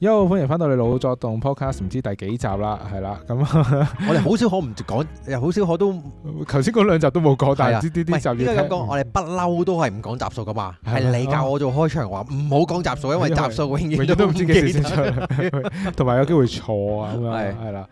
喲，Yo, 歡迎翻到你老作動 Podcast，唔知第幾集啦，係啦，咁、嗯、我哋好少可唔講，又好少可都，頭先嗰兩集都冇講，但係呢啲啲集應該咁講，我哋不嬲都係唔講集數噶嘛，係的你教我做開場話，唔好、哦、講集數，因為集數永遠都唔知幾時出，同埋 有，有機會錯啊咁樣，係啦。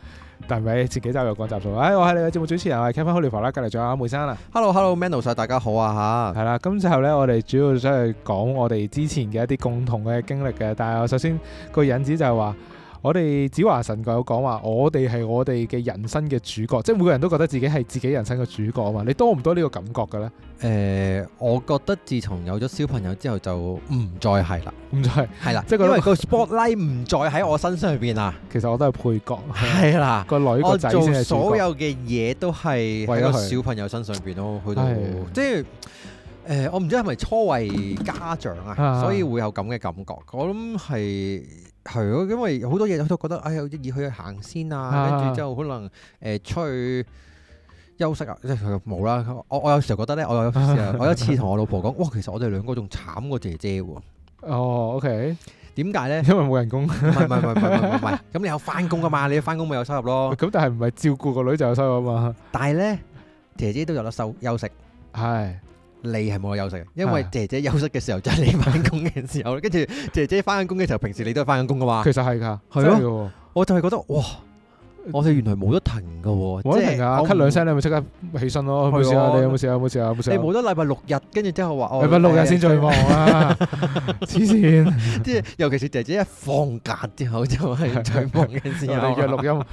但係自己就又講集數？誒，我係、哎、你嘅節目主持人我係 Kevin Ho 啦，隔離仲有阿梅生啊！Hello，Hello，Manos，大家好啊吓，係啦，今集咧我哋主要想去講我哋之前嘅一啲共同嘅經歷嘅，但係我首先個引子就係話。我哋子華神有講話，我哋係我哋嘅人生嘅主角，即係每個人都覺得自己係自己人生嘅主角啊嘛。你多唔多呢個感覺嘅咧？誒、呃，我覺得自從有咗小朋友之後就唔再係再啦，唔再係啦，即係因為個 spotlight 唔再喺我身上邊啊。其實我都係配角，係啦，個 女個兒仔做所有嘅嘢，都係為咗小朋友身上邊咯，去到即係誒、呃，我唔知係咪初為家長啊， 所以會有咁嘅感覺。我諗係。係咯，因為好多嘢我都覺得，哎呀，要去行先啊，跟住之後可能誒出去休息啊，即係冇啦。我我有時候覺得咧，我有我有一次同我老婆講，哇，其實我哋兩個仲慘過姐姐喎。哦，OK，點解咧？因為冇人工，唔係唔係唔係唔係唔係唔係，咁你有翻工噶嘛？你翻工咪有收入咯。咁但係唔係照顧個女就有收入啊嘛？但係咧，姐姐都有得休休息，係。你係冇得休息，因為姐姐休息嘅時候就係你翻工嘅時候，跟住姐姐翻緊工嘅時候，平時你都係翻緊工噶嘛？其實係噶，係咯，我就係覺得哇，我哋原來冇得停噶，冇得停啊！咳兩聲，你咪即刻起身咯，冇事啊，你有冇事啊？冇事啊，冇事啊！你冇得禮拜六日，跟住之後話哦，禮拜六日先最忙啊！黐線，即係尤其是姐姐一放假之後就係最忙嘅時候，約錄音，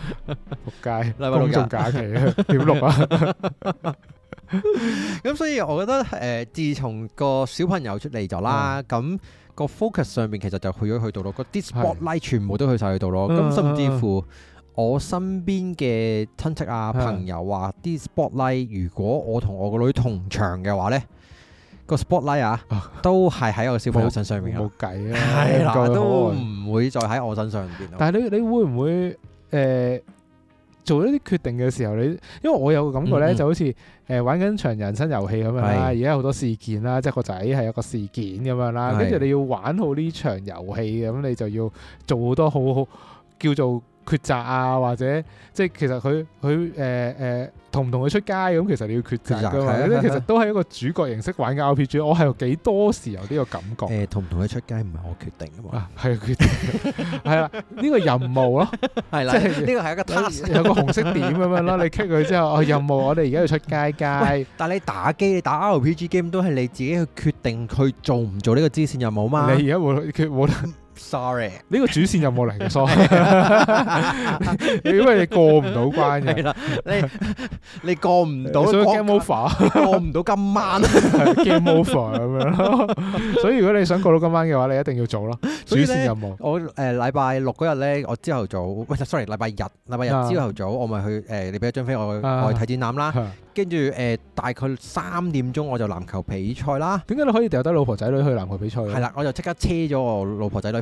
仆街，禮拜六日仲假期啊，點錄啊？咁 所以我覺得誒、呃，自從個小朋友出嚟咗啦，咁、嗯、個 focus 上面其實就去咗去到咯個是 spotlight 全部都去晒去到咯。咁、嗯啊啊、甚至乎我身邊嘅親戚啊、朋友話啲 spotlight，如果我同我個女同場嘅話呢，個、嗯、spotlight 啊，啊都係喺我小朋友身上面。冇計啊，係啦 的，謝謝都唔愛會再喺我身上邊。但係你你會唔會誒？呃做一啲決定嘅時候，你因為我有個感覺咧，嗯嗯就好似誒、呃、玩緊場人生遊戲咁樣啦。而家好多事件啦，即係個仔係一個事件咁樣啦，跟住是你要玩好呢場遊戲嘅，咁你就要做好多好好，好叫做，抉擇啊，或者即係其實佢佢誒誒同唔同佢出街咁，其實你要抉擇噶嘛，其實都係一個主角形式玩嘅 RPG，我係有幾多時有呢個感覺？誒，同唔同佢出街唔係我決定噶嘛，係決定係啦，呢個任務咯，係啦，即係呢個係一個 task，有個紅色點咁樣咯，你 click 佢之後，任務，我哋而家要出街街。但係你打機，你打 RPG game 都係你自己去決定佢做唔做呢個支線任務嘛？你而家冇得。sorry，呢個主線任務嚟嘅，因為你過唔到關嘅，你你過唔到，所以 game over，過唔到今晚 game over 咁樣咯。所以如果你想過到今晚嘅話，你一定要做咯。主線任務，我誒禮拜六嗰日咧，我朝頭早，喂，sorry，禮拜日，禮拜日朝頭早，我咪去誒，你俾一張飛我，我去睇展覽啦。跟住誒，大概三點鐘我就籃球比賽啦。點解你可以掉低老婆仔女去籃球比賽？係啦，我就即刻車咗我老婆仔女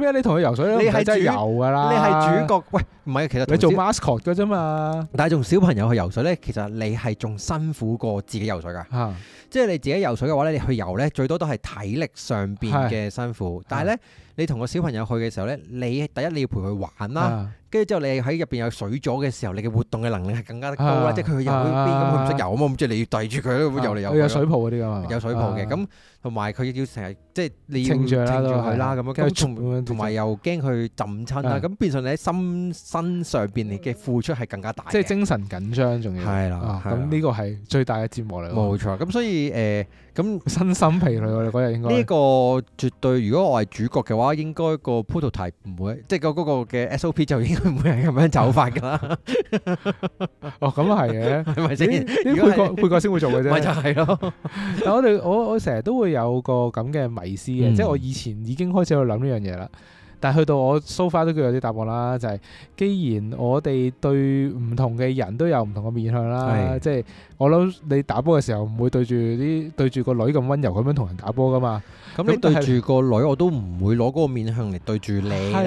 咩？你同佢游水咧？你係真係游噶啦！你係主角。喂，唔係，其實你做 masker 嘅啫嘛。但係同小朋友去游水咧，其實你係仲辛苦過自己游水噶。即係你自己游水嘅話咧，你去游咧，最多都係體力上邊嘅辛苦。但係咧，你同個小朋友去嘅時候咧，你第一你要陪佢玩啦。跟住之後，你喺入邊有水咗嘅時候，你嘅活動嘅能力係更加高啦。即係佢去游去邊，佢唔識游啊嘛。咁即係你要帶住佢咯，游嚟游去，有水泡嗰啲啊嘛。有水泡嘅咁，同埋佢要成日即係你要撐住佢啦，咁樣。同埋又驚佢浸親啦，咁、嗯、變相你喺心身上邊嘅付出係更加大，即係精神緊張，仲要係啦。咁呢個係最大嘅折磨嚟。冇錯，咁、嗯、所以誒。呃咁身心疲累我哋嗰日應該呢、這個絕對。如果我係主角嘅話，應該個 prototype 唔會，即係個嗰個嘅 SOP 就應該唔會係咁樣走法噶啦。 哦，咁嘅，係嘅，啲配角 配角先會做嘅啫。咪就係咯。但我哋我我成日都會有個咁嘅迷思嘅，嗯、即係我以前已經開始去諗呢樣嘢啦。但係去到我 so far 都叫有啲答案啦，就係、是、既然我哋對唔同嘅人都有唔同嘅面向啦，是即係我諗你打波嘅時候唔會對住啲對住個女咁溫柔咁樣同人打波噶嘛，咁你對住個女是我都唔會攞嗰個面向嚟對住你啦。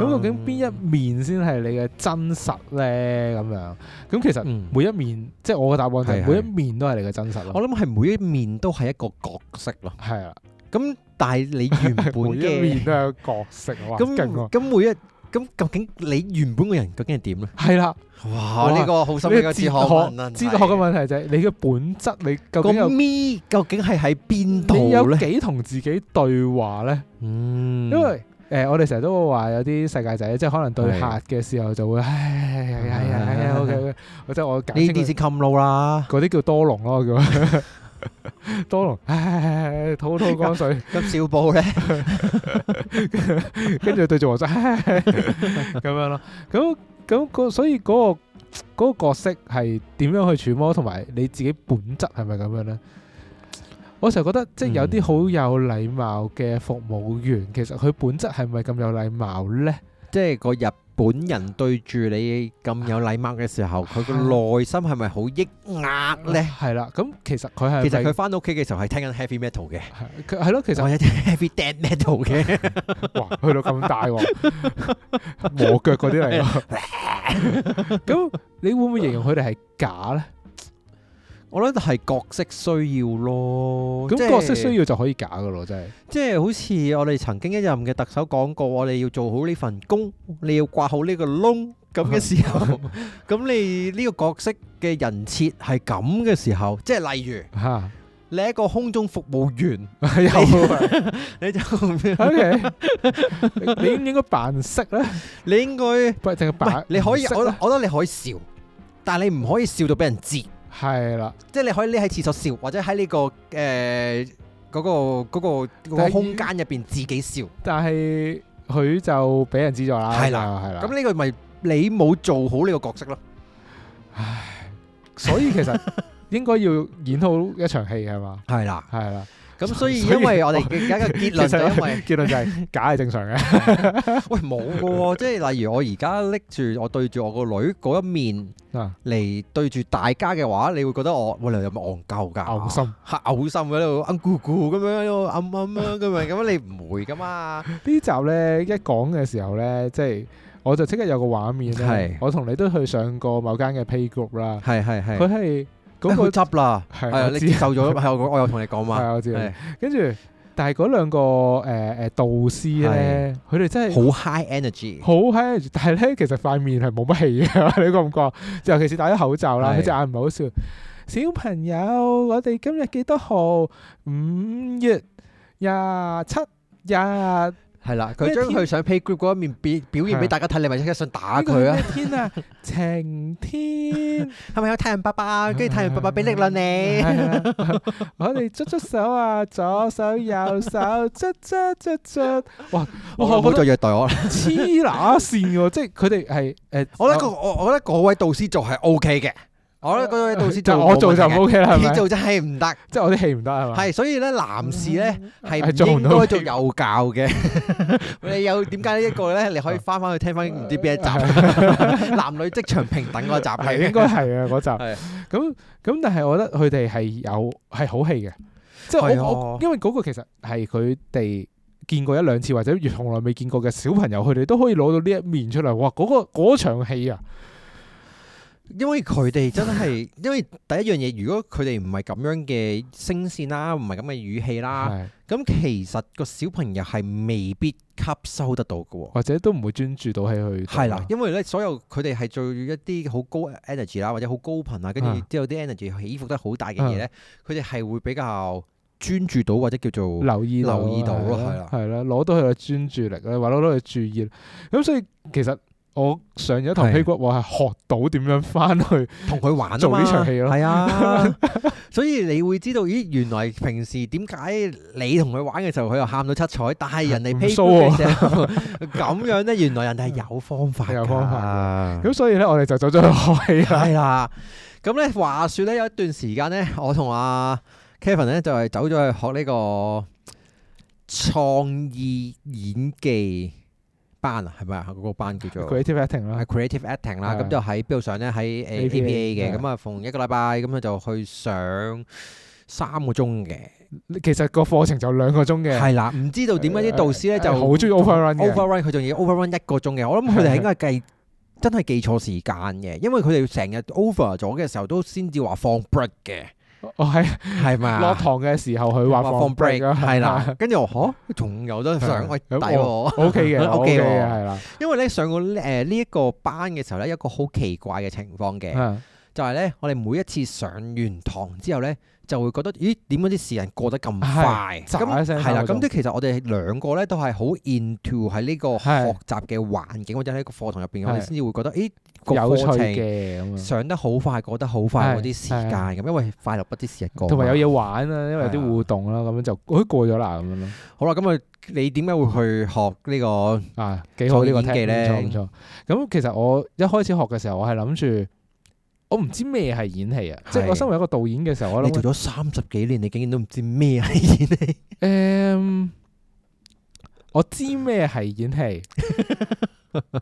咁、啊、究竟邊一面先係你嘅真實咧？咁樣咁其實每一面，嗯、即係我嘅答案係每一面都係你嘅真實是是。我諗係每一面都係一個角色咯。係啊。咁但係你原本嘅每一面都有角色啊，咁咁每一咁究竟你原本嘅人究竟係點咧？係啦，哇！呢個好深刻嘅哲學，哲學嘅問題就係你嘅本質，你究竟咪究竟係喺邊度咧？你有幾同自己對話咧？嗯，因為誒，我哋成日都會話有啲世界仔，即係可能對客嘅時候就會，唉，係啊係啊，或者我呢啲先冚路啦，嗰啲叫多龍咯。多咯，唉，滔滔江水，咁小布咧？跟住對住王生，唉，咁樣咯，咁咁嗰，所以嗰個嗰個角色係點樣去揣摩，同埋你自己本質係咪咁樣呢？我成日覺得，即係有啲好有禮貌嘅服務員，其實佢本質係咪咁有禮貌呢？即係個入。本人對住你咁有禮貌嘅時候，佢個、啊、內心係咪好抑壓咧？係啦、啊，咁其實佢係其實佢翻屋企嘅時候係聽緊 heavy metal 嘅，係、嗯、咯，其實我有聽 heavy dead metal 嘅，哇、啊，去到咁大喎、啊， 磨腳嗰啲嚟㗎，咁的 你會唔會形容佢哋係假咧？我諗係角色需要咯，咁角色需要就可以假噶咯，真係。即係好似我哋曾經一任嘅特首講過，我哋要做好呢份工，你要掛好呢個窿咁嘅時候，咁你呢個角色嘅人設係咁嘅時候，即係例如吓，你一個空中服務員，你就，你應唔應該扮識咧？你應該，唔係淨係扮，你可以，我我諗你可以笑，但係你唔可以笑到俾人知。係啦，即係你可以匿喺廁所笑，或者喺呢、呢個誒、呃嗰個、嗰個、嗰個嗰個空間入邊自己笑。但係佢就俾人知咗啦，係啦係啦。咁呢的的個咪你冇做好呢個角色咯。唉，所以其實應該要演好一場戲係嘛，係啦係啦。咁所以，因為我哋而家嘅結論就係，結論就係假係正常嘅。喂，冇嘅喎，即係例如我而家拎住我對住我個女嗰一面嚟對住大家嘅話，你會覺得我，喂，你有冇戇鳩㗎？嘔心嚇嘔心嘅喺度，噉咕咕咁樣，噉噉咁樣，咁樣你唔會㗎嘛。呢集咧一講嘅時候咧，即係我就即刻有個畫面咧，我同你都去上過某間嘅 playgroup 啦，係係係，佢係。.咁佢執啦，係啊，那個，你接受咗，係 我我有同你講嘛。係啊，我知，跟住是，但係嗰兩個誒誒、呃呃、導師咧，佢哋是真係好 high energy，好 high energy，但係咧其實塊面係冇乜氣嘅， 你覺唔覺？尤其是戴咗口罩啦，佢隻是眼唔係好笑。小朋友，我哋今日幾多號？五月廿七日。係啦，佢將佢上 playgroup 嗰一面表表現俾大家睇，你咪即刻想打佢啊！天啊，晴天，係咪有太陽伯伯？跟住太陽伯伯俾力量你，我哋捉捉手啊，左手右手捉捉捉捉，哇！我唔好再虐待我啦，黐乸線喎！即係佢哋係誒，我覺得個我我覺得嗰位導師做係 O K 嘅。我咧嗰個導師做，我做就 OK 啦，係咪？你做真係唔得，即係我啲戲唔得係咪？係所以咧，男士咧係做唔到做幼教嘅。你有點解呢一個咧？你可以翻翻去聽翻唔知邊一集，男女職場平等嗰集係應該係啊嗰集。係咁咁，但係我覺得佢哋係有係好戲嘅，即係我我因為嗰個其實係佢哋見過一兩次或者從來未見過嘅小朋友，佢哋都可以攞到呢一面出嚟。哇！嗰個嗰場戲啊！因為佢哋真係， 因為第一樣嘢，如果佢哋唔係咁樣嘅聲線啦，唔係咁嘅語氣啦，咁的其實個小朋友係未必吸收得到嘅，或者都唔會專注到喺佢。係啦，因為咧，所有佢哋係做一啲好高 energy 啦，或者好高頻啊，跟住之後啲 energy 起伏得好大嘅嘢咧，佢哋係會比較專注到，或者叫做留意留意到咯，係啦，係啦，攞到佢嘅專注力咧，或者攞到佢嘅注意，咁所以其實。我上咗台屁骨話係學到點樣翻去同佢玩做呢場戲咯。係啊， 所以你會知道，咦，原來平時點解你同佢玩嘅時候，佢又喊到七彩，但係人哋屁股嘅時候咁樣咧， 原來人哋係有方法。有方法。咁所以咧，我哋就走咗去學戲啦。咁咧、啊，話説咧，有一段時間咧，我同阿 Kevin 咧就係走咗去學呢個創意演技。班啊，係咪啊？嗰、那個班叫做 creative acting 啦，creative acting 啦，咁、嗯、就喺邊度上咧？喺誒 TBA 嘅，咁啊、嗯、逢一個禮拜，咁啊就去上三個鐘嘅。其實個課程就兩個鐘嘅。係、嗯、啦，唔、嗯、知道點解啲導師咧就好中意、嗯嗯嗯、overrun overrun 佢仲要 overrun 一個鐘嘅。我諗佢哋係應該計真係記錯時間嘅，嗯、因為佢哋成日 over 咗嘅時候都先至話放 break 嘅。我係係咪，落堂嘅時候佢話放 break，係啦，跟住我吓，仲有得上。我睇喎。O K 嘅，O K 嘅，係啦。因為咧上個誒呢一個班嘅時候咧，一個好奇怪嘅情況嘅，就係咧我哋每一次上完堂之後咧，就會覺得咦點解啲時間過得咁快？咁係啦，咁即其實我哋兩個咧都係好 into 喺呢個學習嘅環境或者喺個課堂入邊，我哋先至會覺得咦。有趣嘅，上得好快，過得好快嗰啲時間咁，啊、因為快樂不知時日過，同埋有嘢玩啊，因為有啲互動、啊、就過啦，咁樣就，哎過咗啦咁樣咯。好啦，咁啊，你點解會去學呢、這個啊？幾好呢個演技咧？咁，其實我一開始學嘅時候，我係諗住，我唔知咩係演戲啊。是即係我身為一個導演嘅時候，我諗做咗三十幾年，你竟然都唔知咩係演戲？嗯， um, 我知咩係演戲。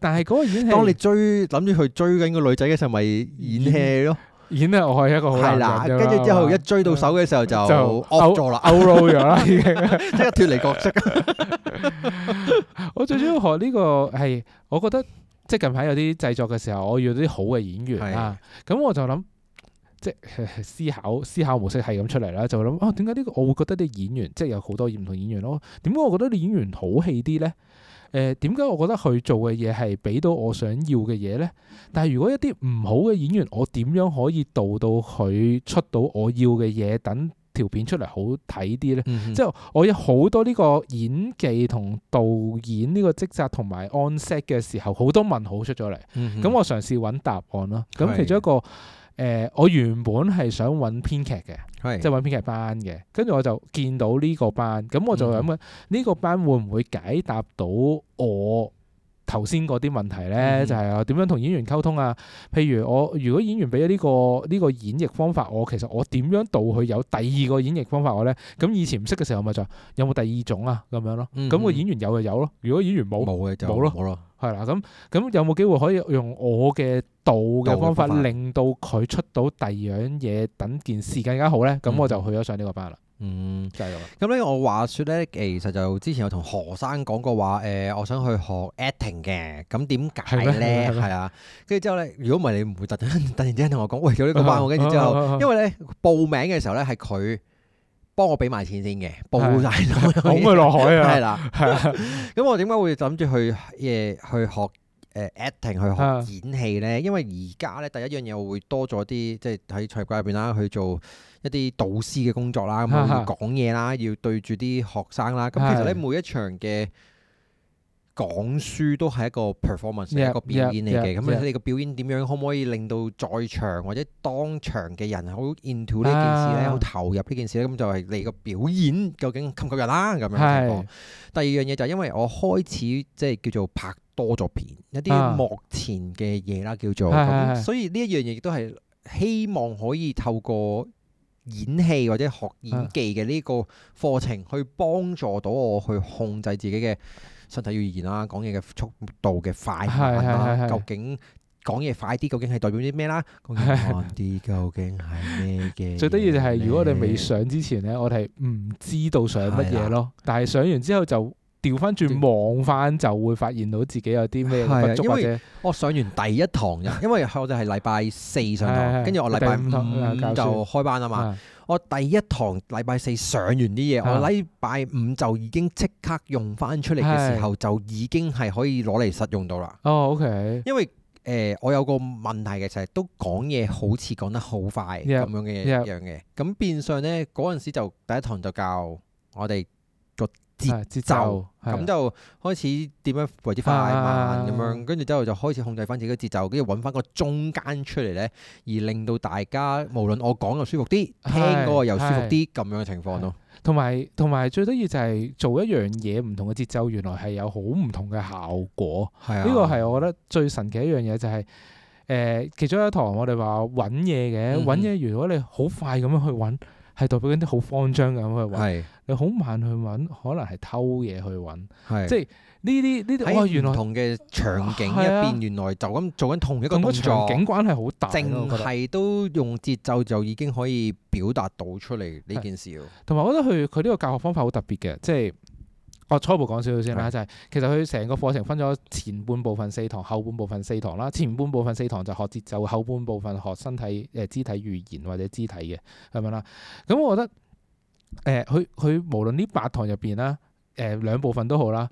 但係嗰個演戲，當你追諗住去追緊個女仔嘅時候，咪、就是、演戲咯。演啊，演是我係一個好男人啦。跟住之後一追到手嘅時候就、嗯、就，咗啦奧，歐路咗啦，已經 即係脫離角色。我最主要學呢、這個係，我覺得即係近排有啲製作嘅時候，我遇到啲好嘅演員啊。咁的我就諗，即、就、係、是、思考思考模式係咁出嚟啦。就諗啊，點解呢個我會覺得啲演員即係、就是、有好多唔同演員咯？點解我覺得啲演員好戲啲咧？誒，點解我覺得佢做嘅嘢係俾到我想要嘅嘢呢？但係如果一啲唔好嘅演員，我點樣可以導到佢出到我要嘅嘢，等條片出嚟好睇啲呢？嗯、哼即係我有好多呢個演技同導演呢個職責同埋 on set 嘅時候，好多問號出咗嚟。咁、嗯、哼我嘗試揾答案囉。咁其中一個。誒、呃，我原本係想揾編劇嘅，即係揾編劇班嘅。跟住我就見到呢個班，咁我就諗嘅，呢、嗯、個班會唔會解答到我頭先嗰啲問題呢？嗯、就係我點樣同演員溝通啊？譬如我如果演員俾咗呢個呢、呢個演繹方法我，我其實我點樣導佢有第二個演繹方法我呢？咁以前唔識嘅時候咪就，有冇第二種啊？咁樣咯，咁、嗯嗯、個演員有就有咯。如果演員冇冇嘅就冇咯，係啦、嗯。咁咁、嗯、有冇機會可以用我嘅？到嘅方法，法令到佢出到第二樣嘢，等件事更加好咧。咁、嗯、我就去咗上呢個班啦。嗯，就係咁。咁咧，我話說咧，其實就之前有同何生講過話，誒、呃，我想去學 acting 嘅。咁點解咧？係啊。跟住之後咧，如果唔係你唔會突然突然之間同我講，喂，有呢個班喎。跟住之後，啊、因為咧報名嘅時候咧係佢幫我俾埋錢先嘅，報晒咁佢落海啊。係啦，係啊。 咁我點解會諗住去嘢去學？誒、呃、acting 去學演戲咧，因為而家咧第一樣嘢我會多咗啲，即係喺財務界入邊啦，去做一啲導師嘅工作啦，咁要講嘢啦，要對住啲學生啦，咁其實咧 每一場嘅。講書都係一個 performance，yep, 一個表演嚟嘅。咁 Yep, yep, 你睇你個表演點樣，yep, yep. 可唔可以令到在場或者當場嘅人好 into 呢件事咧，好、啊、投入呢件事咧？咁、啊、就係你個表演究竟吸唔吸引啦。咁、是、樣第二樣嘢就係因為我開始即係叫做拍多咗片，啊、一啲幕前嘅嘢啦，叫做咁。啊、所以呢一樣嘢亦都係希望可以透過演戲或者學演技嘅呢個課程，去幫助到我去控制自己嘅。身體語言啦，講嘢嘅速度嘅快是是是是，究竟講嘢快啲，究竟係代表啲咩啦？講嘢快啲究竟係咩嘅？ 最得意就係，如果我哋未上之前咧， 我哋唔知道上乜嘢咯，的但係上完之後就。調翻轉望翻，就會發現到自己有啲咩不足。我上完第一堂就，因為我哋係禮拜四上堂，跟住的我禮拜五就開班啊嘛。第我第一堂禮拜四上完啲嘢，的我禮拜五就已經即刻用翻出嚟嘅時候，的就已經係可以攞嚟實用到啦。哦，OK。因為誒、呃，我有個問題嘅就係都講嘢好似講得好快咁 Yep, 樣嘅一樣嘅，咁 yep. 變相咧嗰陣時就第一堂就教我哋。節奏，咁、啊、就開始點樣為之快慢咁樣，跟住之後就開始控制翻自己嘅節奏，跟住揾翻個中間出嚟咧，而令到大家無論我講又舒服啲，是聽嗰個又舒服啲咁是樣嘅情況咯。同埋同埋最得意就係做一樣嘢唔同嘅節奏，原來係有好唔同嘅效果。呢個係我覺得最神奇一樣嘢就係、是，誒、呃、其中一堂我哋話揾嘢嘅揾嘢，嗯、如果你好快咁樣去揾，係代表緊啲好慌張嘅咁去揾。是你好慢去揾，可能係偷嘢去揾，是即係呢啲呢啲喺唔同嘅場景一邊，啊、原來就咁做緊同一個動作，場景關係好大，淨係都用節奏就已經可以表達到出嚟呢件事。同埋，我覺得佢佢呢個教學方法好特別嘅，即係我初步講少少先啦，是就係、是、其實佢成個課程分咗前半部分四堂，後半部分四堂啦。前半部分四堂就學節奏，後半部分學身體誒肢體語言或者肢體嘅係咪啦。咁我覺得。誒，佢佢、呃、無論呢八堂入邊啦，誒、呃、兩部分都好啦，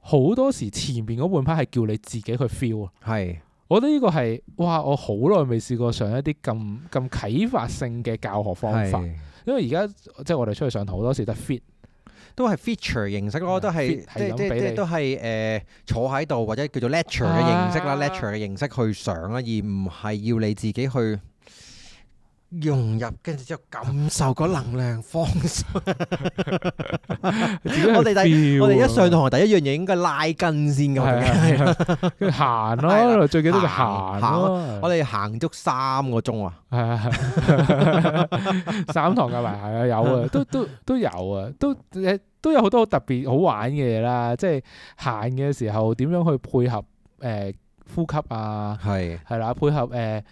好多時前面嗰半 part 係叫你自己去 feel 是。係，我覺得呢個係，哇！我好耐未試過上一啲咁咁啟發性嘅教學方法，是因為而家即係我哋出去上堂好多時得 fit，都係 feature 形式咯，我都係 fit 即係是即係都係誒坐喺度或者叫做 lecture 嘅形式啦，lecture 嘅形式去上啦，而唔係要你自己去。融入跟住之後感受個能量方式，我哋第我哋一上堂第一樣嘢應該拉筋先噶，行咯，最記得就行咯。我哋行足三個鐘啊，係啊，三堂㗎嘛，有啊，都都都有啊，都誒都有好多特別好玩嘅嘢啦。即係行嘅時候點樣去配合誒呼吸啊？係係啦，配合誒。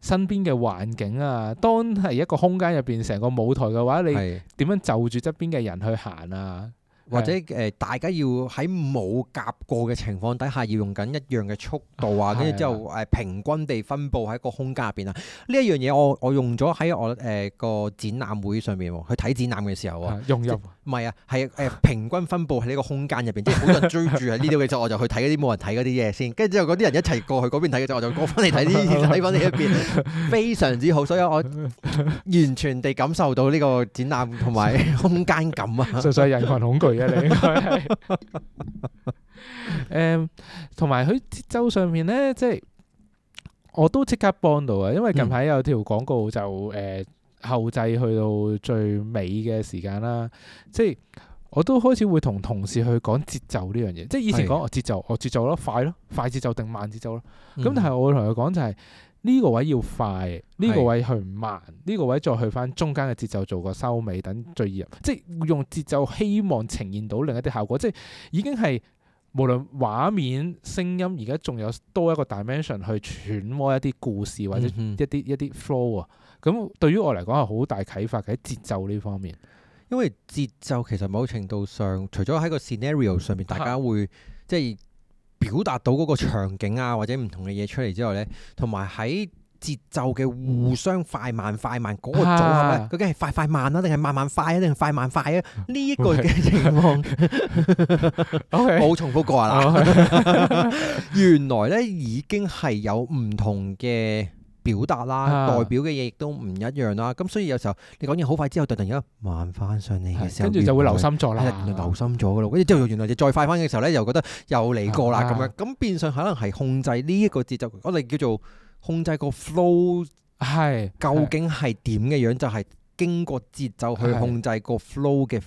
身邊嘅環境啊，當係一個空間入邊成個舞台嘅話，的你點樣就住側邊嘅人去行啊？或者誒，大家要喺冇夾過嘅情況底下，要用緊一樣嘅速度啊，跟住之後誒，平均地分布喺個空間入邊啊。呢一的樣嘢我我用咗喺我誒個、呃、展覽會上面去睇展覽嘅時候啊，用唔係啊，係誒平均分佈喺呢個空間入邊，即係好多人追住啊呢啲嘅時候，我就去睇嗰啲冇人睇嗰啲嘢先。跟住之後，嗰啲人一齊過去嗰邊睇嘅時候，我就過翻嚟睇呢啲，睇翻呢一邊非常之好。所以我完全地感受到呢個展覽同埋空間感啊！純粹係人群恐懼啊，你應該係誒，同埋佢節奏上面咧，即係我都即刻幫到啊！因為近排有條廣告就誒。後製去到最尾嘅時間啦，即係我都開始會同同事去講節奏呢樣嘢，即係以前講哦節奏，我節奏咯，快咯，快節奏定慢節奏咯。咁、嗯、但係我會同佢講就係、是、呢、這個位要快，呢、這個位去唔慢，呢的個位再去翻中間嘅節奏做個收尾，等最易入，即係用節奏希望呈現到另一啲效果，即係已經係。無論畫面、聲音，而家仲有多一個 dimension 去揣摩一啲故事或者一啲、嗯、哼一啲 flow 啊，咁對於我嚟講係好大啟發嘅喺節奏呢方面。因為節奏其實某程度上，除咗喺個 scenario 上面，大家會即係表達到嗰個場景啊，或者唔同嘅嘢出嚟之外呢，同埋喺。節奏嘅互相快慢快慢嗰個組合咧，究竟係快快慢啦，定係慢慢快啊，定係快慢快啊？呢一個嘅情況，冇重複過啊啦。原來咧已經係有唔同嘅表達啦，代表嘅嘢亦都唔一樣啦。咁所以有時候你講嘢好快之後，突然間慢翻上嚟嘅時候，跟住就會留心咗啦。留心咗噶啦，跟住之後又原來就再快翻嘅時候咧，又覺得又嚟過啦咁樣。咁變相可能係控制呢一個節奏，我哋叫做。控制個 flow 係究竟係點嘅樣,樣？就係經過節奏去控制 flow、嗰個 flow 嘅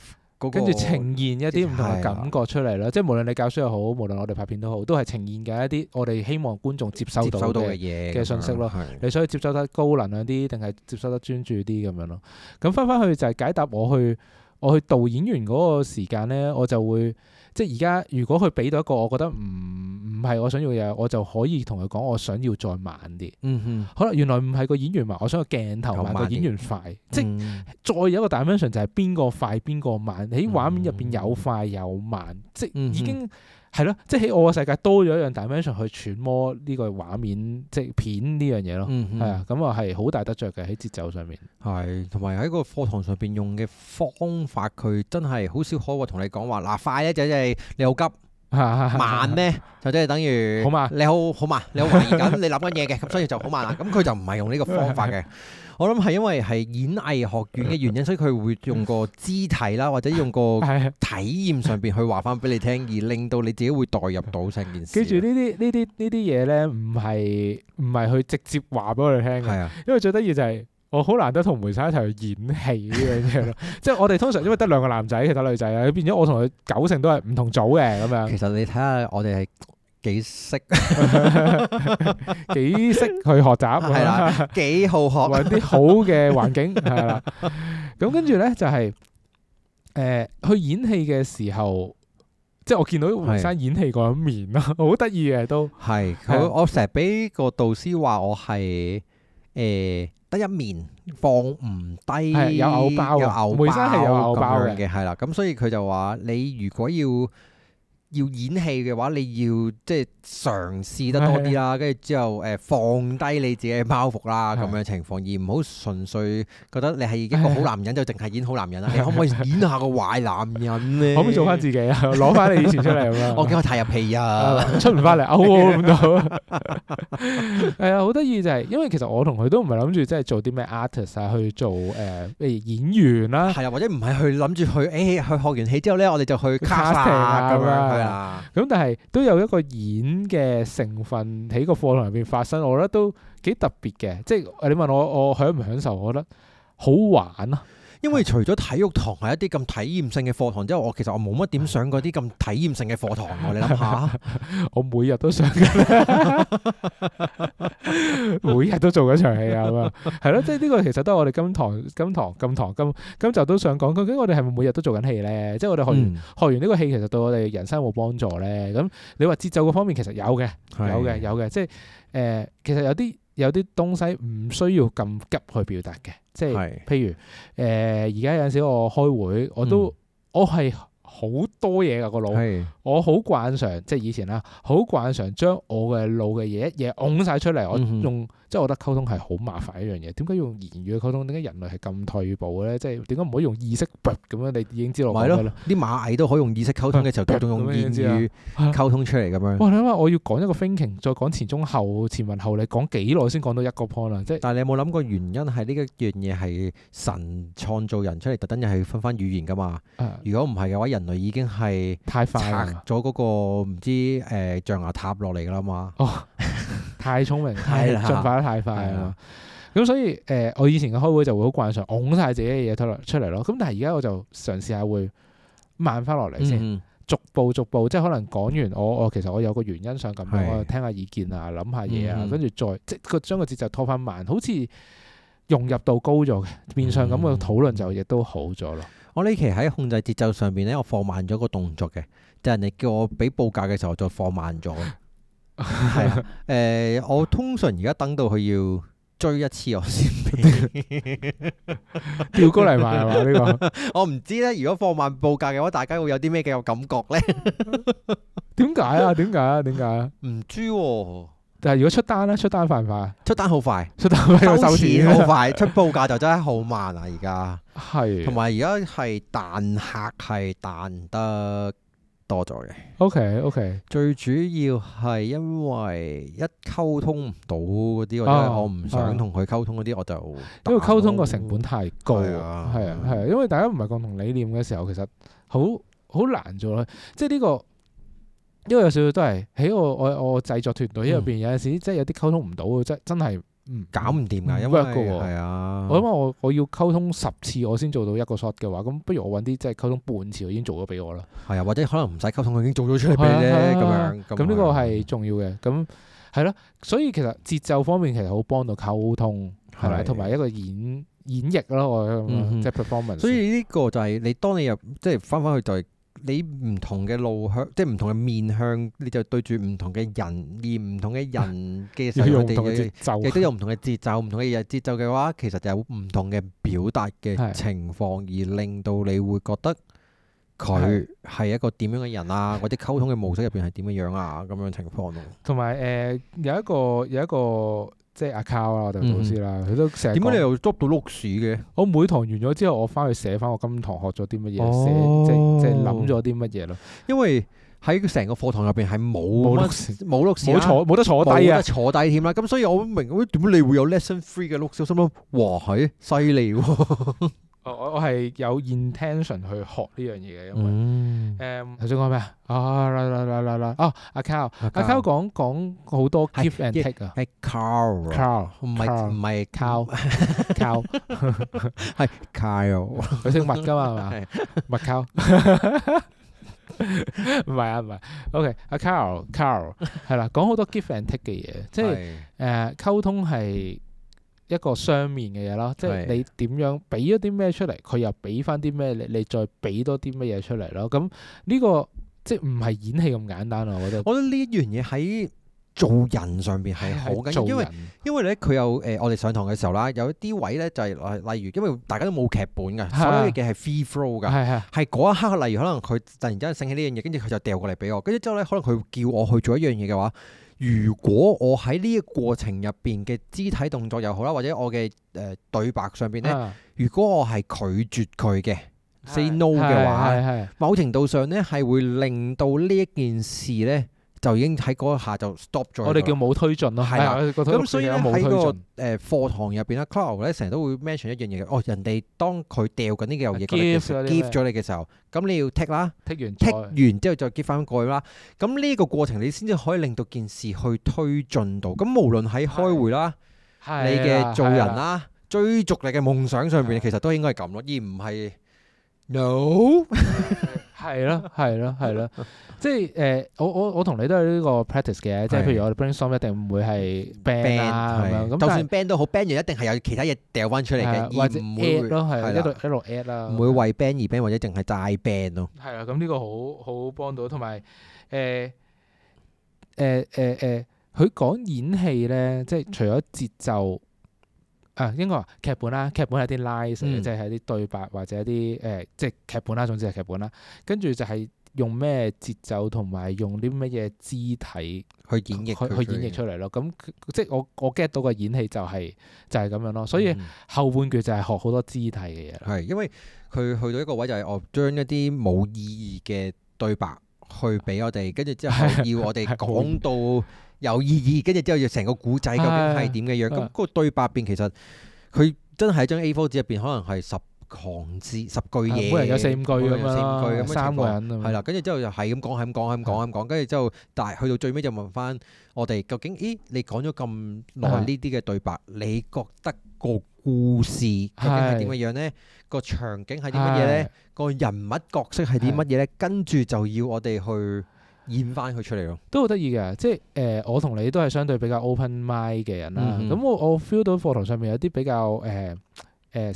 跟住呈現一啲唔同嘅感覺出嚟咯。即係無論你教書又好，無論我哋拍片都好，都係呈現緊一啲我哋希望觀眾接收到嘅嘢嘅信息咯。樣你想以接收得高能量啲，定係接收得專注啲咁樣咯？咁翻翻去就係解答我去我去,我去導演員嗰個時間呢，我就會即係而家如果佢俾到一個，我覺得唔。嗯唔係我想要嘅嘢，我就可以同佢講我想要再慢啲。嗯、哼好哼，原來唔係個演員慢，我想個鏡頭慢，個有慢 演員快，嗯、即係再有一個 dimension 就係邊個快邊個慢。喺畫面入邊有快有慢，嗯、即已經係咯、嗯哼。即喺我嘅世界多咗一樣 dimension 去揣摩呢個畫面，即片呢樣嘢咯。係啊、嗯哼，咁啊係好大得着嘅喺節奏上面。係、嗯，同埋喺個課堂上邊用嘅方法，佢真係好少可我同你講話嗱快一咧，即係你好急。慢呢，就即係等於你好好慢，好慢你懷疑緊，在你諗緊嘢嘅，咁 所以就好慢啦。咁佢就唔係用呢個方法嘅。 我諗係因為係演藝學院嘅原因，所以佢會用個肢體啦，或者用個體驗上邊去話翻俾你聽，而令到你自己會代入到成件事。記住呢啲呢啲呢啲嘢呢，唔係唔係去直接話俾我哋聽嘅，的因為最得意就係。我好難得同梅生一齊去演戲呢樣嘢， 即係我哋通常因為得兩個男仔，其他女仔啊，變咗我同佢九成都係唔同組嘅咁樣。其實你睇下我哋係幾識，幾 識 去學習係啦，幾好學。揾啲 好嘅環境係 啦，咁跟住咧就係、是、誒、呃、去演戲嘅時候，即係我見到梅生演戲嗰一面啦，好得意嘅都係。的我我成日俾個導師話我係誒。呃得一面放唔低，有牛包，嘅。牛包，梅生係有牛包嘅，係啦，咁所以佢就話你如果要。要演戲嘅話，你要即係嘗試得多啲啦，跟住之後誒放低你自己嘅包袱啦，咁的樣情況，而唔好純粹覺得你係一個好男人就淨係演好男人啦。的你可唔可以演下個壞男人咧？ 可唔可以做翻自己啊？攞翻你以前出嚟、 哦、我驚我太入戲啊，出唔翻嚟勾咁多。係啊， 好得意就係、是，因為其實我同佢都唔係諗住即係做啲咩 artist 啊，去做誒誒、呃、演員啦。係啊，或者唔係去諗住去誒去學完戲之後咧，我哋就去 cast 咁、 啊、樣。咁，嗯，但係都有一個演嘅成分喺個課堂入邊發生，我覺得都幾特別嘅。即係你問我我享唔享受，我覺得好玩啦。因為除咗體育堂係一啲咁體驗性嘅課堂之外，我其實我冇乜點上嗰啲咁體驗性嘅課堂。我 你諗下， 我每日都上， 每日都做嗰場戲啊。係 咯，即係呢個其實都係我哋今堂、今堂、今堂、今今集都想講。究竟我哋係咪每日都做緊戲咧？嗯、即係我哋學完學完呢個戲，其實對我哋人生有冇幫助咧。咁你話節奏嘅方面其、呃，其實有嘅，有嘅，有嘅。即係誒，其實有啲。有啲東西唔需要咁急去表達嘅，即係是譬如誒，而、呃、家有陣時我開會，我都、嗯、我係好多嘢噶個腦，我好慣常，是即係以前啦，好慣常將我嘅腦嘅嘢一嘢拱晒出嚟，嗯、我用。嗯即係我覺得溝通係好麻煩一樣嘢，點解用言語去溝通？點解人類係咁退步嘅咧？即係點解唔可以用意識咁樣？你已經知道。咪係咯，啲螞蟻都可以用意識溝通嘅時候，都仲用言語溝通出嚟咁樣。哇！你諗下我要講一個 thinking，再講前中後前文後，你講幾耐先講到一個 point 啊？即係。但係你有冇諗過原因係呢一樣嘢係神創造人出嚟，特登又係分翻語言㗎嘛？啊、如果唔係嘅話，人類已經係、那個、太快拆咗嗰個唔知誒、呃、象牙塔落嚟㗎啦嘛。哦太聰明，進化得太快啊！咁、嗯、所以誒、呃，我以前嘅開會就會好慣常，拱晒自己嘅嘢出嚟咯。咁但係而家我就嘗試下會慢翻落嚟先，嗯、逐步逐步，即係可能講完我，我其實我有個原因想咁樣，的我聽下意見啊，諗下嘢啊，跟住、嗯、再即係將個節奏拖翻慢，好似融入度高咗嘅，面上咁嘅討論就亦都好咗咯。嗯、我呢期喺控制節奏上面咧，我放慢咗個動作嘅，就係人哋叫我俾報價嘅時候，再放慢咗。係 啊，誒、呃，我通常而家等到佢要追一次我 跳， 我先調高嚟賣，係嘛呢個。我唔知咧，如果放慢報價嘅話，大家會有啲咩嘅感覺咧？點 解啊？點解啊？點解 啊？唔知。但係如果出單咧，出單快唔快啊？出單好快，快，出單快快收，錢收錢好快， 出報價就真係好慢啊！而家係同埋而家係彈客係彈得。多咗嘅，OK，OK，最主要係因為一溝通唔到嗰啲，或者、啊、我唔想同佢溝通嗰啲，我就因為溝通個成本太高，嗯、啊，係啊，係啊，啊，因為大家唔係共同理念嘅時候，其實好好難做啦，即係、這、呢個，因、這、為、個、有少少都係喺我我我製作團隊入邊，嗯、有陣時即係有啲溝通唔到，即係真係。嗯，搞唔掂噶因 o 一 k 喎。係啊，我因我我要溝通十次，我先做到一個 shot 嘅話，咁不如我搵啲即係溝通半次，我已經做咗俾我啦。係啊，或者可能唔使溝通，佢已經做咗出嚟俾你咧，咁樣。咁呢個係重要嘅，咁係咯。所以其實節奏方面其實好幫到溝通，係啦，同埋一個演演繹咯，我即係 performance。所以呢個就係你當你入即係翻翻去就再。你唔同嘅路向，即係唔同嘅面向，你就對住唔同嘅人，而唔同嘅人嘅上，佢亦都有唔同嘅節奏，唔 同嘅日節奏嘅話，其實就有唔同嘅表達嘅情況，的而令到你會覺得佢係一個點樣嘅人啊，或者溝通嘅模式入邊係點樣樣啊，咁樣情況咯。同埋誒，有一個有一個。即係阿 c o r l 啊，代課老師啦，佢都成日點解你又捉到碌 o 嘅？我每堂完咗之後，我翻去寫翻我今堂學咗啲乜嘢，寫、哦、即係即係諗咗啲乜嘢咯。因為喺成個課堂入邊係冇冇 n 冇 n 坐冇、啊、得坐低啊，坐低添啦。咁所以我明點解、哎、你會有 lesson three 嘅碌 o t e s 心諗哇佢犀利。哎 我我我係有 intention 去學呢樣嘢嘅，因為誒頭先講咩啊？啊啦啦啦啦啦！哦，阿 Cow，阿 Cow 講講好多 give and take 啊。係 Cow，Cow 唔係唔係 Cow，Cow 係 Cow。佢姓麥㗎嘛係嘛，麥 Cow。唔係啊唔係，OK，阿 Cow，Cow 係啦，講好多 give and take 嘅嘢，即係誒溝通係。一個雙面嘅嘢咯，是的 即係你點樣俾咗啲咩出嚟，佢又俾翻啲咩你，你再俾多啲乜嘢出嚟咯。咁呢、這個即係唔係演戲咁簡單啊？我覺得，我覺得呢一樣嘢喺做人上邊係好緊要因，因為因為咧佢有誒、呃，我哋上堂嘅時候啦，有一啲位咧就係、是、例如，因為大家都冇劇本嘅，的所有嘅係 free flow 㗎，係嗰的的一刻，例如可能佢突然之間醒起呢樣嘢，跟住佢就掉過嚟俾我，跟住之後咧，可能佢叫我去做一樣嘢嘅話。如果我喺呢個過程入邊嘅肢體動作又好啦，或者我嘅誒對白上邊咧，啊、如果我係拒絕佢嘅、啊、say no 嘅話，啊、某程度上咧係會令到呢一件事咧。就已經喺嗰下就 stop 咗。我哋叫冇推進咯，係啦。咁所以咧喺個誒課堂入邊咧，Clow 咧成日都會 mention 一樣嘢，哦，人哋當佢掉緊呢嚿嘢 give 咗你嘅時候，咁你要 take 啦，take 完之後再 give 翻過去啦。咁呢個過程你先至可以令到件事去推進到。咁無論喺開會啦，對 你嘅做人啦、對 追逐你嘅夢想上邊，對 其實都應該係咁咯，而唔係 no。 係咯，係咯，係咯，即係誒，我我我同你都係呢個 practice 嘅，即係譬如我 brainstorm 一定唔會係 band 啊咁樣，咁就算 band 都好，ban 完一定係有其他嘢掉翻出嚟嘅，或者唔會咯，係一路一路 add 啦，唔會為 band 而 band 或者淨係大 band 咯。係啊，咁呢個好好幫到，同埋誒誒誒誒，佢講演戲咧，即係除咗節奏。誒應該劇本啦，劇本係啲 lines 即係啲對白或者啲誒，即、呃、係劇本啦，總之係劇本啦。跟住就係用咩節奏同埋用啲乜嘢肢體去演繹去，去演繹出嚟咯。咁、嗯、即係我我 get 到個演戲就係、是、就係、是、咁樣咯。所以後半句就係學好多肢體嘅嘢。係、嗯，因為佢去到一個位就係我將一啲冇意義嘅對白去俾我哋，跟住之後要我哋講到。有意義，跟住之後就成個古仔究竟係點嘅樣？咁嗰個對白入邊其實佢真係一張 A4 紙入邊，可能係十行字十句嘢，每人有四五句咁樣啦。三個人係啦，跟住之後就係咁講，係咁講，係咁講，咁講，跟住之後但係去到最尾就問翻我哋究竟，咦？你講咗咁耐呢啲嘅對白，你覺得個故事究竟係點嘅樣呢？個場景係啲乜嘢呢？個人物角色係啲乜嘢呢？」跟住就要我哋去，演翻佢出嚟咯，都好得意嘅，即係誒、呃，我同你都係相對比較 open mind 嘅人啦。咁、嗯嗯、我我 feel 到課堂上面有啲比較誒誒、呃呃、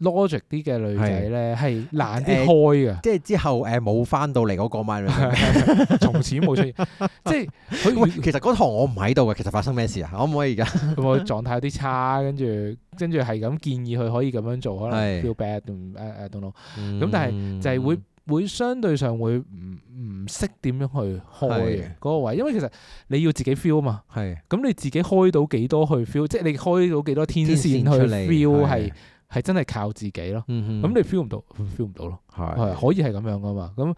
logic 啲嘅女仔咧，係難啲開嘅。即係之後誒冇翻到嚟嗰個 mind 裏 從此冇出現。 即係佢 喂，其實嗰堂我唔喺度嘅，其實發生咩事啊？可唔可以而家？ 咁我狀態有啲差，跟住跟住係咁建議佢可以咁樣做，可能 feel bad 同誒誒等等。咁但係就係會。會相對上會唔唔識點樣去開嘅嗰個位，因為其實你要自己 feel 嘛，咁是你自己開到幾多去 feel，即係你開到幾多天線去 feel 係係真係靠自己咯，咁、嗯、哼你 fe feel 唔到，feel 唔到咯，係是可以係咁樣噶嘛，咁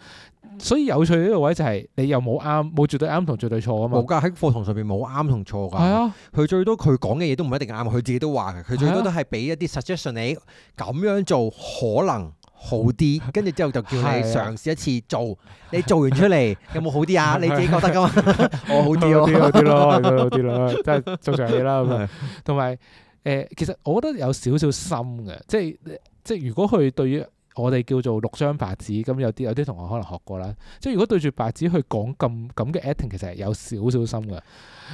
所以有趣呢個位就係你又冇啱，冇絕對啱同絕對錯啊嘛，冇噶，喺課堂上邊冇啱同錯噶，係啊，佢最多佢講嘅嘢都唔一定啱，佢自己都話嘅，佢最多都係俾一啲 suggestion 你咁樣做可能。好啲，跟住之後就叫你嘗試一次做。 你做完出嚟有冇好啲啊？ 你自己覺得噶嘛？ 我好啲、啊， 好啲，好啲咯，好啲咯，即係做嘗試啦，咁同埋誒，其實我覺得有少少心嘅，即係即係如果去對於我哋叫做六張白紙，咁有啲有啲同學可能學過啦。即係如果對住白紙去講咁咁嘅 acting，其實係有少少心嘅，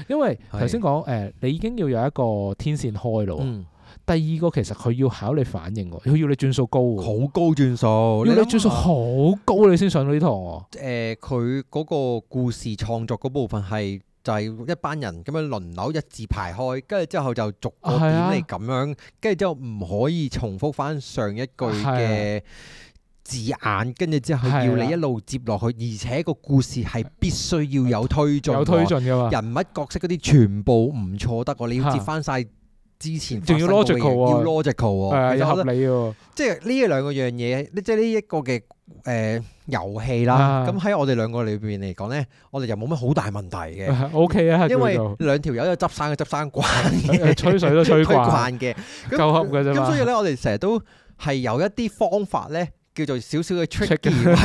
因為頭先講誒，你已經要有一個天線開咯。嗯第二個其實佢要考你反應，佢要你轉數高,高,高，好高轉數，要你轉數好高你先上到呢堂、啊。誒、呃，佢嗰個故事創作嗰部分係就係、是、一班人咁樣輪流一字排開，跟住之後就逐個點嚟咁樣，跟住、啊、之後唔可以重複翻上一句嘅字眼，跟住、啊、之後要你一路接落去，啊、而且個故事係必須要有推進，有推進噶嘛，人物角色嗰啲全部唔錯得，你要接翻晒。之前仲要 logical、啊、要 logical 喎，又合理喎，即係呢一兩個樣嘢，即係呢一個嘅誒遊戲啦。咁喺我哋兩個裏邊嚟講咧，我哋就冇乜好大問題嘅。OK 啊，因為兩條友有執生嘅，執生、 啊哦 okay 啊、慣嘅、欸，吹水都吹慣嘅，夠合嘅啫嘛。咁、啊、所以咧，我哋成日都係有一啲方法咧。叫做少少嘅 trick 嘅，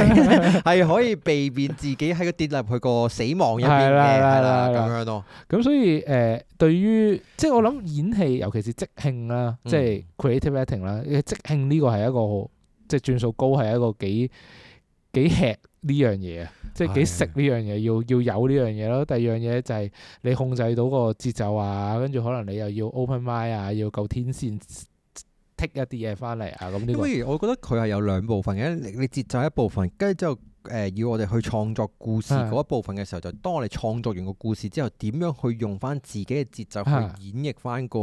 係 可以避免自己喺個跌入去個死亡入邊啦，咁樣咯。咁、嗯、所以誒、呃，對於即係我諗演戲，尤其是即興啦，嗯、即係 creative acting 啦，即興呢個係一個即係轉數高，係一個幾幾吃呢樣嘢啊！嗯、即係幾食呢樣嘢，要要有呢樣嘢咯。第二樣嘢就係你控制到個節奏啊，跟住可能你又要 open mind 啊，要夠天線。剔一啲嘢翻嚟啊，咁。不如我覺得佢係有兩部分嘅，你節奏一部分，跟住之後誒要我哋去創作故事嗰一部分嘅時候，就的當我哋創作完個故事之後，點樣去用翻自己嘅節奏去演繹翻個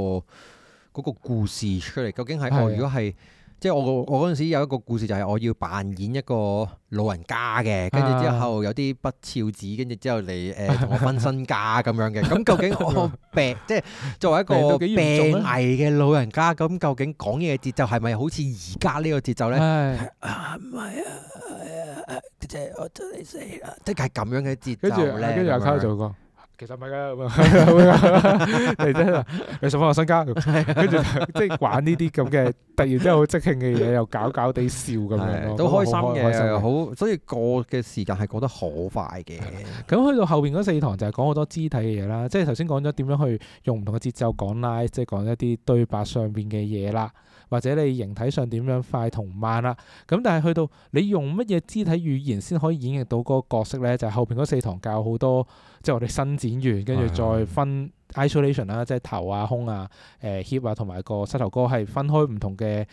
嗰故事出嚟？的究竟係我如果係。即係我我嗰陣時有一個故事，就係我要扮演一個老人家嘅，跟住之後有啲不肖子，跟住之後嚟，誒同我分身家咁樣嘅。咁究竟我病即係作為一個病危嘅老人家，咁究竟講嘢嘅節奏係咪好似而家呢個節奏咧？唔係啊，即係、啊、我真係死啦！即的確係咁樣嘅節奏咧。跟住又溝咗個其實唔係㗎，係真係，你送返我身家，跟住即係玩呢啲咁嘅突然之後好即興嘅嘢，又搞搞地笑咁樣、 嗯、都好開心嘅，好，所以過嘅時間係過得好快嘅。咁去到後邊嗰四堂就係講好多肢體嘅嘢啦，即係頭先講咗點樣去用唔同嘅節奏講 line，即係講一啲對白上邊嘅嘢啦。或者你形體上點樣快同慢啦、啊，咁但係去到你用乜嘢肢體語言先可以演繹到個角色呢？就係、是、後邊嗰四堂教好多，即係我哋伸展完，跟住再分 isolation 啦、哎呀，即係頭啊、呃、hip 啊、胸啊、誒 hip 啊同埋個膝頭哥係分開唔同嘅。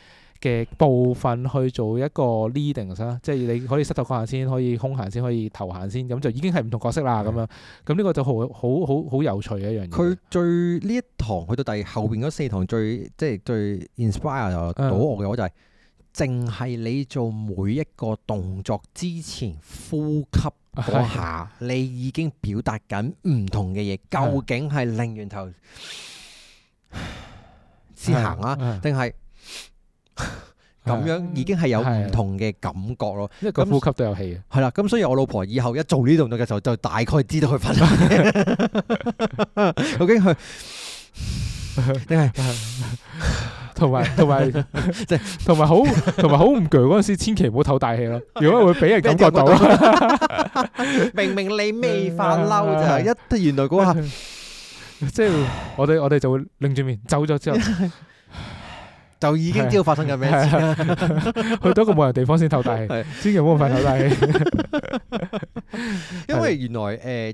嘅部分去做一個 leading 啦，即係你可以膝頭行先，可以胸行先，可以頭行先，咁就已經係唔同角色啦。咁的樣，咁呢個就好好好好有趣嘅一樣嘢。佢最呢一堂去到第後邊嗰四堂最，即係最 inspire 到我嘅、就係，就係的，淨係你做每一個動作之前呼吸嗰下，的你已經表達緊唔同嘅嘢。究竟係擰完頭先的唉行啊，定係的。咁 樣已經係有唔同嘅感覺咯，因為個呼吸都有氣嘅，係啦。 咁所以我老婆以後一做呢種動作嘅時候，就大概知道佢瞓。 究竟佢定係同埋同埋即係同埋好同埋好唔舉嗰陣時，千祈唔好透大氣咯， 如果會俾人感覺到。 明明你未發嬲就係一， 原來嗰下即係我哋我哋就會擰住面走咗之後。 就已經知道發生緊咩事，去到個冇人地方先透大氣，千祈唔好咁快透大氣。因為原來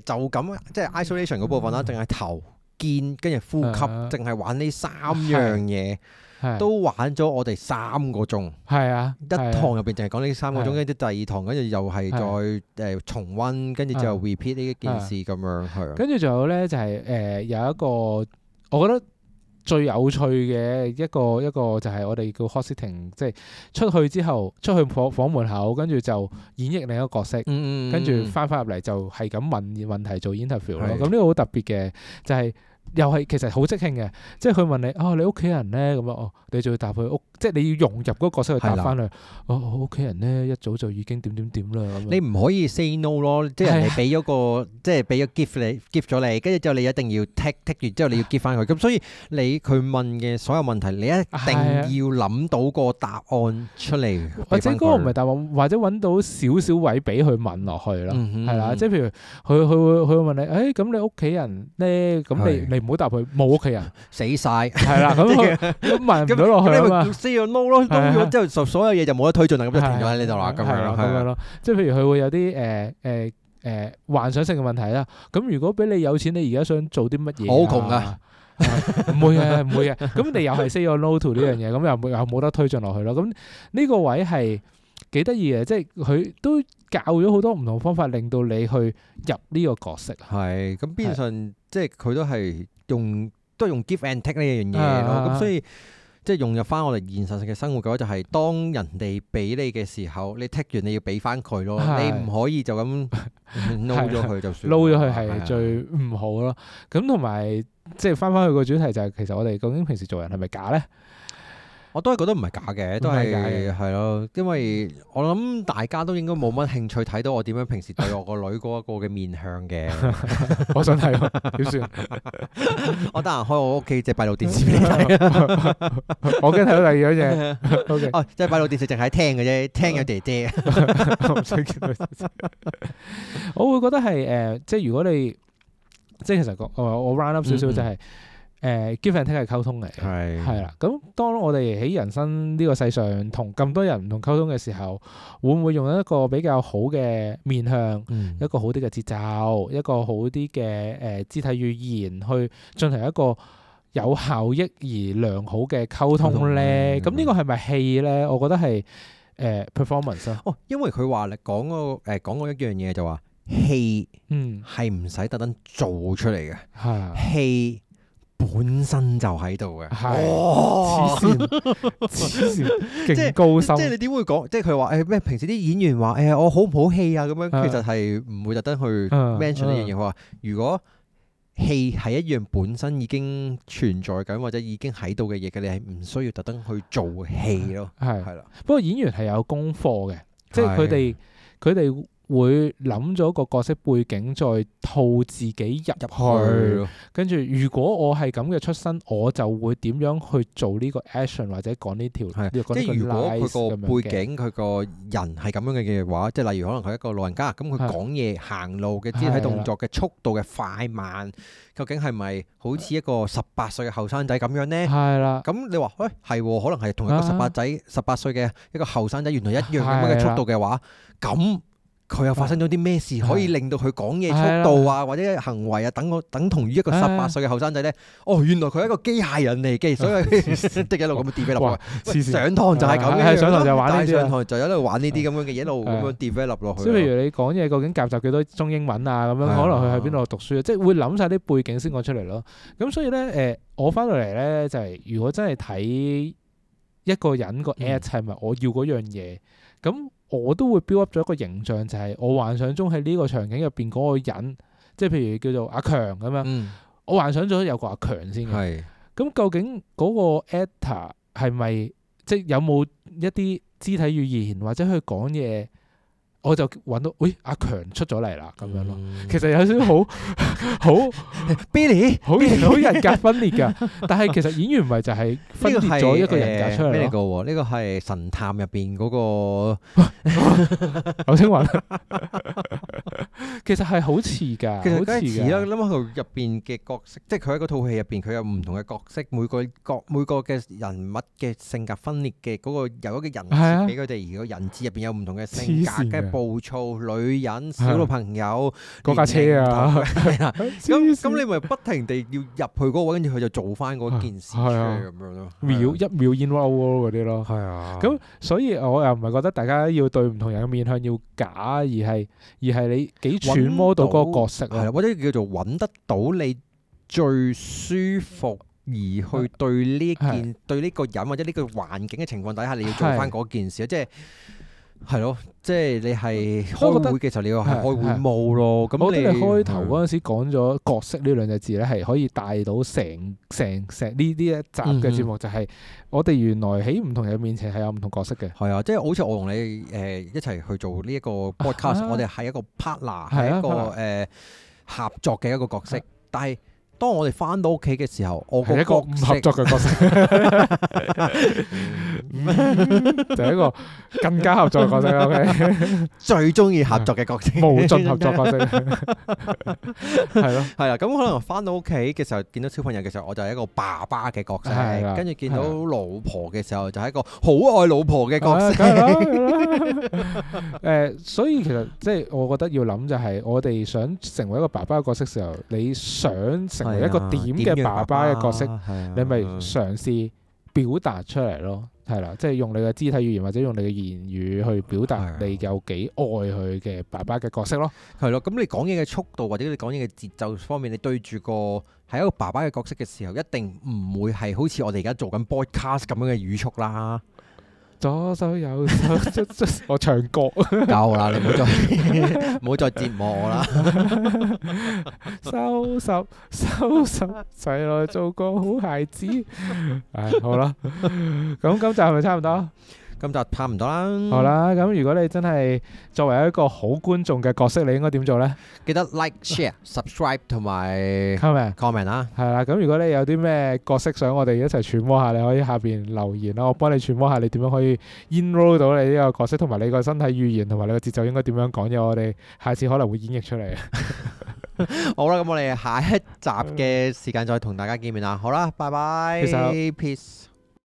誒就咁即係 isolation 嗰部分啦，淨係頭肩跟住呼吸，淨係玩呢三樣嘢，都玩咗我哋三個鐘。係啊，一堂入邊淨係講呢三個鐘，跟住第二堂跟住又係再誒重溫，跟住之後 repeat 呢一件事咁樣去。跟住仲有咧就係誒有一個，我覺得。最有趣嘅一個一個就係我哋叫 hosting，即係出去之後出去房房門口，跟住就演繹另一個角色，跟住翻返入嚟就係咁問問題做 interview 咯。咁呢的個好特別嘅就係、是。又係其實好即興嘅，即係佢問你啊，你屋企人咧咁樣哦，你就要答佢屋，即係你要融入嗰個角色去答翻佢。哦，我屋企人咧一早就已經點點點啦。你唔可以 say no 咯，即係人哋俾咗個，即係俾咗 gift 你，gift 咗你，跟住之後你一定要 take take 完之後你要 give 翻佢。咁所以你佢問嘅所有問題，你一定要諗到個答案出嚟。或者嗰個唔係答案，或者揾到少少位俾佢問落去啦，係啦，即係譬如佢佢會佢會問你，誒咁你屋企人咧，咁你。唔好答佢，冇屋企人死晒。係啦咁，埋唔到落去啊嘛。say no 咯，咁即係之後所有嘢就冇得推進啊，咁就停咗喺呢度啦，咁樣咁樣咯。即係譬如佢會有啲誒誒誒幻想性嘅問題啦。咁如果俾你有錢，你而家想做啲乜嘢？好窮啊，唔會啊，唔會啊。咁你又係 say no to 呢樣嘢，咁又冇又冇得推進落去咯。咁呢個位係幾得意嘅，即係佢都教咗好多唔同方法，令到你去入呢個角色。係，咁變相，是即係佢都係用都係用 give and take 呢樣嘢咯。咁、啊、所以即係融入翻我哋現實性嘅生活嘅話，就係、是、當人哋俾你嘅時候，你 take 完你要俾翻佢咯。是你唔可以就咁撈咗佢就算。撈咗佢係最唔好咯。咁同埋即係翻返去個主題就係、是、其實我哋究竟平時做人係咪假呢？我都係覺得唔係假嘅，都係係咯，因為我諗大家都應該冇乜興趣睇到我點樣平時對我個女嗰一個嘅面向嘅， 我想睇，啊，點算？ 我得閒開我屋企隻閉路電視俾你睇，啊， 我驚睇到第二樣嘢，哦 Okay. 啊，即係閉路電視淨係聽嘅啫，聽有姐姐。 我唔想見到。 我會覺得係誒、呃，即係如果你，即係其實、哦、我我 round up 少少、嗯、就係、就。是誒，give and take 係溝通嚟，係啦。咁當我哋喺人生呢個世上同咁多人唔同溝通嘅時候，會唔會用一個比較好嘅面向，一個好啲嘅節奏，一個好啲嘅誒肢體語言去進行一個有效益而良好嘅溝通咧？咁呢個係咪戲咧？我覺得係誒 performance 哦，因為佢話嚟講嗰個誒講嗰一樣嘢就話戲，嗯，係唔使特登做出嚟嘅，係戲。本身就喺度嘅，哇！黐線，黐線，即係勁高深。即係你點會講？即係佢話誒咩？平時啲演員話誒我好唔好戲啊？咁樣其實係唔會特登去 mention 一樣嘢，話如果戲係一樣本身已經存在緊或者已經喺度嘅嘢嘅，你係唔需要特登去做戲咯。係係啦，不過演員係有功課嘅，即係佢哋佢哋。會諗咗個角色背景，再套自己入入去。去跟住，如果我係咁嘅出身，我就會點樣去做呢個 action 或者講呢條？的條即係如果佢個背景佢個人係咁樣嘅嘅話，即係、嗯、例如可能佢一個老人家咁，佢講嘢、行路嘅肢體動作嘅的速度嘅快慢，究竟係咪好似一個十八歲嘅後生仔咁樣呢？係啦的。咁你話喂係可能係同一個十八仔十八歲嘅一個後生仔，的原來一樣咁樣嘅速度嘅話，咁的？佢又發生咗啲咩事，可以令到佢講嘢速度啊，或者行為啊，等我等同於一個十八歲嘅後生仔咧？哦，原來佢係一個機械人嚟嘅，所以的嘅一路咁 develop 落去。上堂就係咁樣，但上堂就喺度玩呢啲咁樣嘅嘢，一路咁樣 develop 落落去。即係譬如你講嘢，究竟夾雜幾多中英文啊？咁樣可能佢喺邊度讀書啊？即係會諗晒啲背景先講出嚟咯。咁所以咧，誒，我翻到嚟咧就係如果真係睇一個人個 at 係咪我要嗰樣嘢咁？我都會 build up 咗一個形象，就係、是、我幻想中喺呢個場景入邊嗰個人，即係譬如叫做阿強咁樣。嗯、我幻想咗有個阿強先嘅。咁是究竟嗰個 actor 係咪即係有冇一啲肢體語言或者佢講嘢？我就揾到，誒阿強出咗嚟啦，咁樣咯。其實有啲好好 Billy，好好人格分裂嘅。但係其實演員唔係就係分裂咗一個人格出嚟嘅喎。呢個係神探入邊嗰個劉青雲。其實係好似㗎，其實都係似啦。諗吓佢入邊嘅角色，即係佢喺嗰套戲入邊，佢有唔同嘅角色，每個角每個嘅人物嘅性格分裂嘅嗰個由一個人設俾佢哋，而個人設入邊有唔同嘅性格嘅。暴躁女人小個朋友，嗰架車啊！咁咁你咪不停地要入去嗰個位，跟住佢就做翻嗰件事，係啊，咁樣咯。秒一秒 in role 嗰啲咯。係啊。咁所以我又唔係覺得大家要對唔同人嘅面向要假，而係而係你幾揣摩到嗰個角色啊，或者叫做揾得到你最舒服而去對呢件對呢個人或者呢個環境嘅情況底下，你要做翻嗰件事即係。係咯，即係你係開會嘅時候，你要係開會舞咯。咁你我哋開頭嗰陣時講咗角色呢兩隻字咧，係的可以帶到成成成呢啲一集嘅節目，就係我哋原來喺唔同人面前係有唔同角色嘅。係啊，即係好似我同你誒一齊去做呢的一個 podcast，我哋係一個 partner，係一個誒合作嘅一個角色，的但係。當我哋翻到屋企嘅時候，我一個角色唔合作嘅角色，就係一個更加合作嘅角色。OK，最中意合作嘅角色，冇盡合作角色，係咯，係啦。咁可能翻到屋企嘅時候，見到小朋友嘅時候，我就係一個爸爸嘅角色。係啦，跟住見到老婆嘅時候，就係一個好愛老婆嘅角色。誒，所以其實即係，我覺得要諗就係，我哋想成為一個爸爸嘅角色時候，你想成。一個點嘅爸爸嘅角色，爸爸你咪嘗試表達出嚟咯，係啦的，即係的用你嘅肢體語言或者用你嘅言語去表達你有幾愛佢嘅爸爸嘅角色咯。係咯，咁你講嘢嘅速度或者你講嘢嘅節奏方面，你對住個喺一個爸爸嘅角色嘅時候，一定唔會係好似我哋而家做緊 broadcast 咁樣嘅語速啦。左手右手， 我唱歌 夠啦！你唔好再唔好 再折磨我啦！ 收拾收拾，洗來做個好孩子。唉、 哎，好啦，咁今集係咪差唔多？咁就拍唔到啦。好啦，咁如果你真係作為一個好觀眾嘅角色，你應該點做呢？記得 Like、Share、Subscribe 同埋 comment、comment 啦。係啦，咁如果你有啲咩角色想我哋一齊揣摩下，你可以下邊留言啦。我幫你揣摩下你點樣可以 enroll 到你呢個角色，同埋你個身體語言同埋你個節奏應該點樣講嘢，我哋下次可能會演繹出嚟。 好啦，咁我哋下一集嘅時間再同大家見面啦。好啦，拜拜，peace。